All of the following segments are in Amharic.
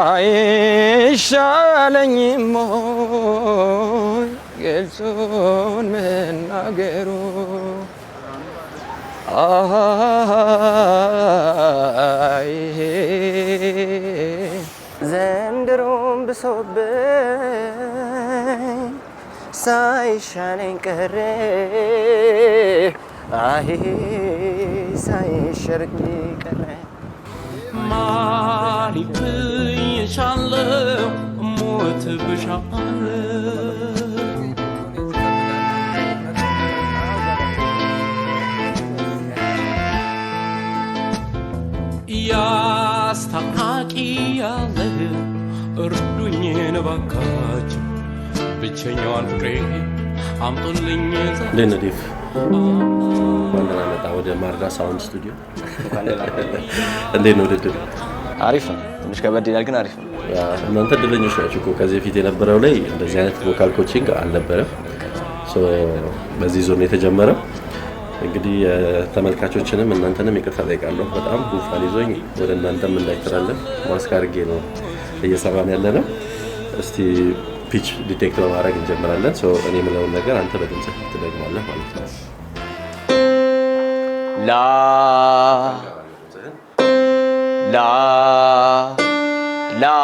አይሻለኝም ሞይ ግልጹን መናገሩ ዘንድሮም ብሶብኝ ሳይሻለኝ ቀረ አይ ሳይሸርቅ ቀረ ብሻለሁ ሞት ብሻለሁ ያስታጣቂ ያለ እርዱኝን ባካችሁ ብቸኛዋን ፍቅሬ አምጡልኝ። ደነዴፍ ዋናና መጣ ወደ ማርዳ ሳውንድ ስቱዲዮ እንዴት ነው ውድድር አሪፍ ነው። ትንሽ ከበድ ይላል ግን አሪፍ ነው። እናንተ እድለኞች ናችሁ እኮ ከዚህ በፊት የነበረው ላይ እንደዚህ አይነት ቮካል ኮችንግ አልነበረም። በዚህ ዞን የተጀመረ እንግዲህ ተመልካቾችንም እናንተንም ይቅርታ ጠይቃለሁ። በጣም ጉንፋን ይዞኝ ወደ እናንተም እንዳይተላለፍ ማስክ አድርጌ ነው እየሰራን ያለ ነው። እስቲ ፒች ዲቴክት በማድረግ እንጀምራለን። እኔ የምለውን ነገር አንተ በድምፅ ትደግማለህ ማለት ነው ላ লা লা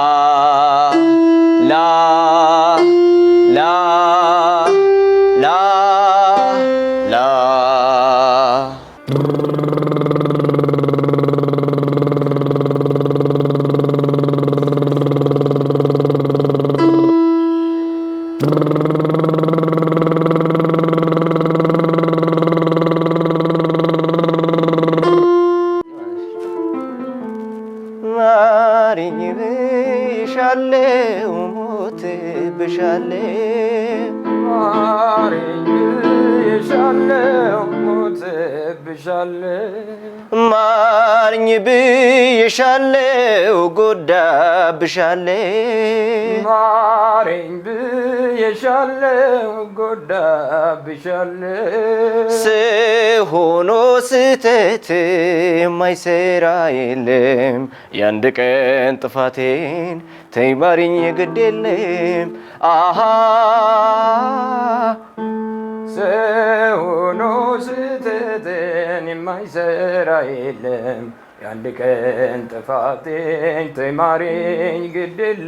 ማርኝ ብዬሻለው ጎዳብሻለው ማረኝ ብዬሻለው ጎዳብሻለው ስሆኖ ስተት ማይሰራ የለም የአንድ ቀን ጥፋቴን ተይማሪኝ ግድ የለም አሃ ስሆኖ ስተትን የማይሰራ የለም የአንድ ቀን ጥፋቴን ተማሪኝ ግድል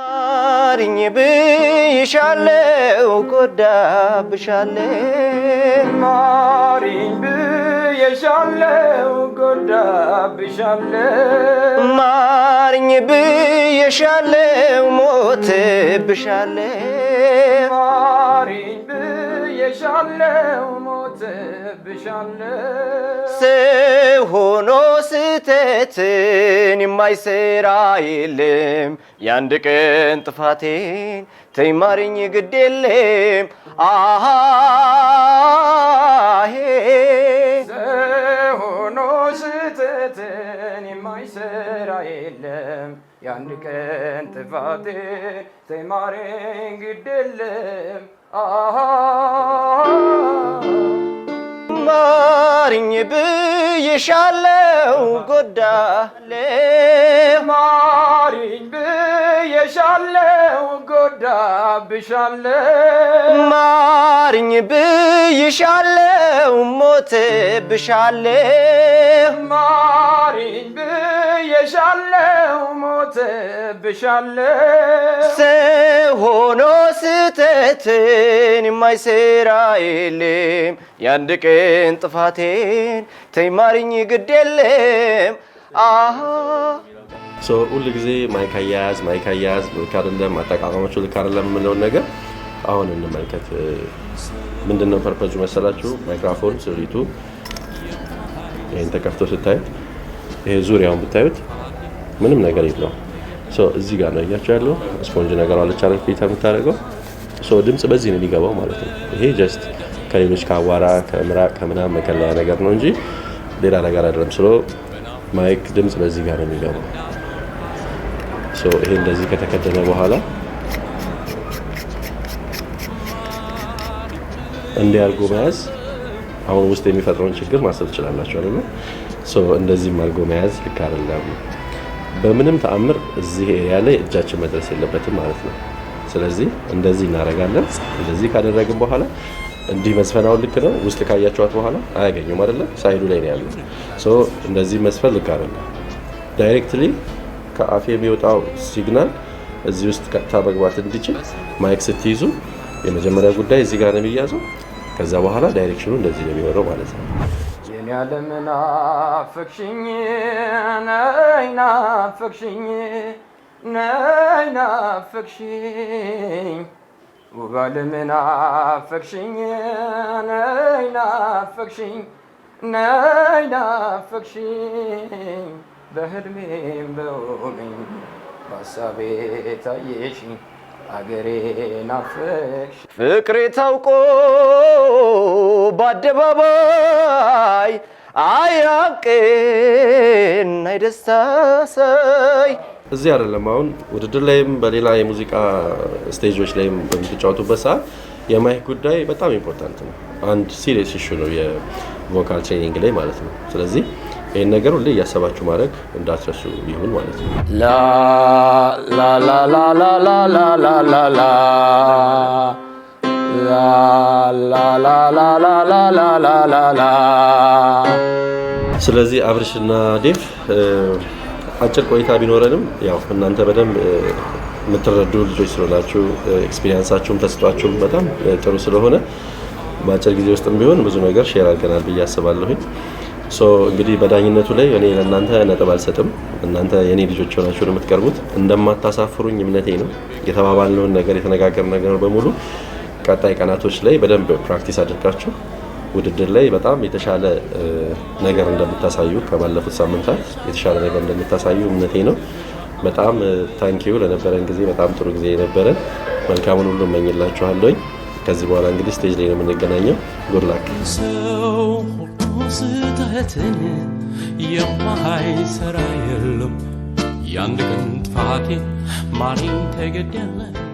ማሪኝ ብይሻለው ጎዳብሻለው ማሪኝ ብየሻለው ጎዳብሻለው ማሪኝ ብየሻለው ሞትብሻለው ማሪኝ ብየሻለው ሰው ሆኖ ስህተትን የማይሰራ የለም። የአንድ ቀን ጥፋቴን ተይ ግድ የለም አሄ ሰው ሆኖ ስህተትን የማይሰራ የለም። የአንድ ቀን ጥፋቴን ተይ ማረኝ ግድ የለም ማርኝ ብዬሻለው ጎዳለው ማርኝ ብዬሻለው ወዳብሻለው ማርኝ ብይሻለው ሞት ማርኝ ብየሻለው ሞት ሰው ሆኖ የማይሰራ የለም የአንድ ቀን ጥፋቴን ተይ ማርኝ ግድ የለም ሁሉ ጊዜ ማይክ አያያዝ ማይክ አያያዝ ልክ አይደለም፣ አጠቃቀማቸው ልክ አይደለም የምለውን ነገር አሁን እንመልከት። ምንድን ነው ፐርፐዙ መሰላችሁ? ማይክራፎን ስሪቱ ይህን ተከፍቶ ስታዩት ይሄ ዙሪያውን ብታዩት ምንም ነገር የለው። እዚህ ጋር ነው እያቸው ያለው ስፖንጅ ነገር አለች አለ ፊት የምታደርገው ድምፅ በዚህ ነው የሚገባው ማለት ነው። ይሄ ጀስት ከሌሎች ከአቧራ ከምራቅ ከምናም መከለያ ነገር ነው እንጂ ሌላ ነገር አይደለም። ስለ ማይክ ድምፅ በዚህ ጋር ነው የሚገባው። ይሄ እንደዚህ ከተከደነ በኋላ እንዲያርጎ መያዝ አሁን ውስጥ የሚፈጥረውን ችግር ማሰብ ትችላላችሁ አይደል? ሶ እንደዚህም አርጎ መያዝ ልክ አይደለም። በምንም ተአምር እዚህ ኤሪያ ላይ እጃችን መድረስ የለበትም ማለት ነው። ስለዚህ እንደዚህ እናደርጋለን። እንደዚህ ካደረግን በኋላ እንዲህ መስፈናውን ልክ ነው። ውስጥ ካያቸዋት በኋላ አያገኙም አይደለም? ሳይዱ ላይ ነው ያለው። ሶ እንደዚህ መስፈን ልክ አይደለም። ዳይሬክትሊ ከአፌ የሚወጣው ሲግናል እዚህ ውስጥ ቀጥታ መግባት እንዲችል ማይክ ስትይዙ የመጀመሪያ ጉዳይ እዚህ ጋር ነው የሚያዘው። ከዛ በኋላ ዳይሬክሽኑ እንደዚህ ነው የሚሆነው ማለት ነው። ያለምና በህልሜም በሆነኝ በሀሳቤ ታየሽ አገሬ ናፈቅሽ ፍቅሬ ታውቆ በአደባባይ አያቄን አይደስታሳይ እዚህ አይደለም። አሁን ውድድር ላይም በሌላ የሙዚቃ ስቴጆች ላይም በምትጫወቱበት ሰዓት የማይክ ጉዳይ በጣም ኢምፖርታንት ነው። አንድ ሲሪየስ ኢሹ ነው የቮካል ትሬኒንግ ላይ ማለት ነው። ስለዚህ ይህን ነገር ሁሌ እያሰባችሁ ማድረግ እንዳትረሱ ይሁን ማለት ነው። ስለዚህ አብርሽና ዴቭ አጭር ቆይታ ቢኖረንም ያው እናንተ በደንብ የምትረዱ ልጆች ስለሆናችሁ ኤክስፒሪየንሳችሁም ተስጧችሁም በጣም ጥሩ ስለሆነ በአጭር ጊዜ ውስጥም ቢሆን ብዙ ነገር ሼር አድርገናል ብዬ አስባለሁኝ። ሶ እንግዲህ በዳኝነቱ ላይ እኔ ለእናንተ ነጥብ አልሰጥም። እናንተ የእኔ ልጆች ሆናችሁ ነው የምትቀርቡት። እንደማታሳፍሩኝ እምነቴ ነው። የተባባልነውን ነገር የተነጋገር ነገር በሙሉ ቀጣይ ቀናቶች ላይ በደንብ ፕራክቲስ አድርጋችሁ ውድድር ላይ በጣም የተሻለ ነገር እንደምታሳዩ ከባለፉት ሳምንታት የተሻለ ነገር እንደምታሳዩ እምነቴ ነው። በጣም ታንኪዩ ለነበረን ጊዜ በጣም ጥሩ ጊዜ የነበረን መልካሙን ሁሉ እመኝላችኋለኝ። ከዚህ በኋላ እንግዲህ ስቴጅ ላይ ነው የምንገናኘው። ጉድላክ ሰው ሁሉ ስህተትን የማይሰራ የለም። የአንድ ቀን ጥፋቴ ማሪን ተገደለ